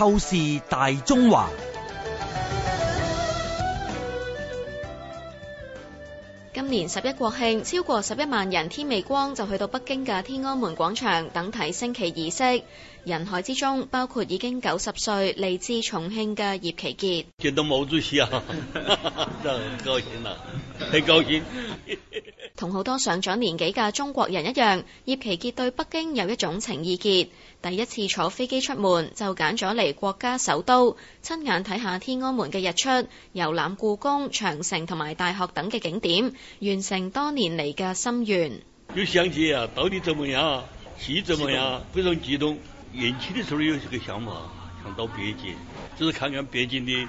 透視大中華。今年十一國慶，超過十一萬人天未光就去到北京嘅天安門廣場等睇升旗儀式，人海之中包括已經九十歲嚟自重慶嘅葉琪杰。見到毛主席啊，真係高興啦，很高興。 同好多上咗年紀嘅中國人一樣，葉琪傑對北京有一種情意結。第一次坐飛機出門就揀咗嚟國家首都，親眼睇下天安門嘅日出，遊覽故宮長城同埋大學等嘅景點，完成多年嚟嘅心願。又想起啊，到底怎麼樣啊？戲怎麼樣啊？光非常激動。年輕的時候有這個想法，想到北京，就是看看北京的。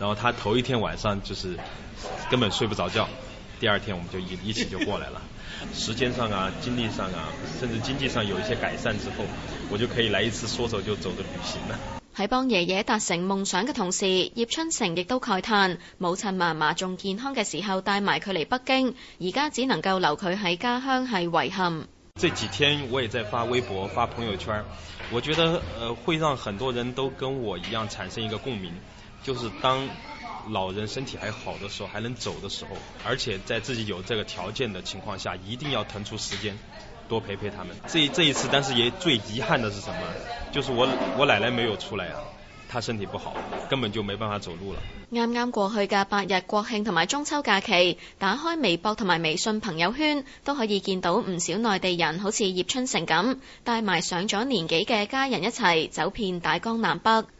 然後他頭一天晚上就是根本睡不着覺，第二天我們就一一起就過來了。時間上啊，精力上啊，甚至經濟上有一些改善之後，我就可以來一次說走就走的旅行了。喺幫爺爺達成夢想嘅同時，葉春成亦都慨嘆，母親嫲嫲仲健康嘅時候帶埋佢嚟北京，而家只能夠留佢喺家鄉係遺憾。這幾天我也在發微博、發朋友圈，我覺得呃會讓很多人都跟我一樣產生一個共鳴。就是當老人身體還好的時候，還能走的時候，而且在自己有這個條件的情況下，一定要騰出時間多陪陪他們。這這一次，但是也最遺憾的是什麼？就是我我奶奶沒有出來啊，她身體不好，根本就沒辦法走路了。啱啱過去嘅八日國慶同埋中秋假期，打開微博同埋微信朋友圈，都可以見到唔少內地人，好似葉春成咁，帶埋上咗年紀嘅家人一齊走遍大江南北。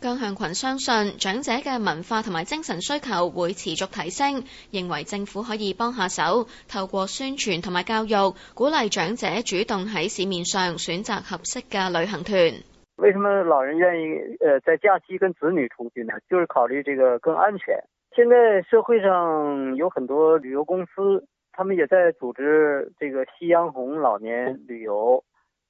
姜向群相信長者嘅文化同埋精神需求會持續提升，認為政府可以幫下手，透過宣傳同埋教育，鼓勵長者主動喺市面上選擇合適嘅旅行團。為什麼老人願意誒在假期跟子女同居呢？就是考慮這個更安全。現在社會上有很多旅遊公司，他們也在組織這個夕陽紅老年旅遊。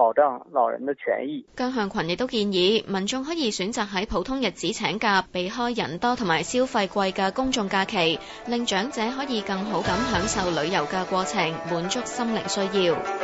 保障老人嘅權益。姜向群亦都建議，民眾可以選擇喺普通日子請假，避開人多同埋消費貴嘅公眾假期，令長者可以更好咁享受旅遊嘅過程，滿足心靈需要。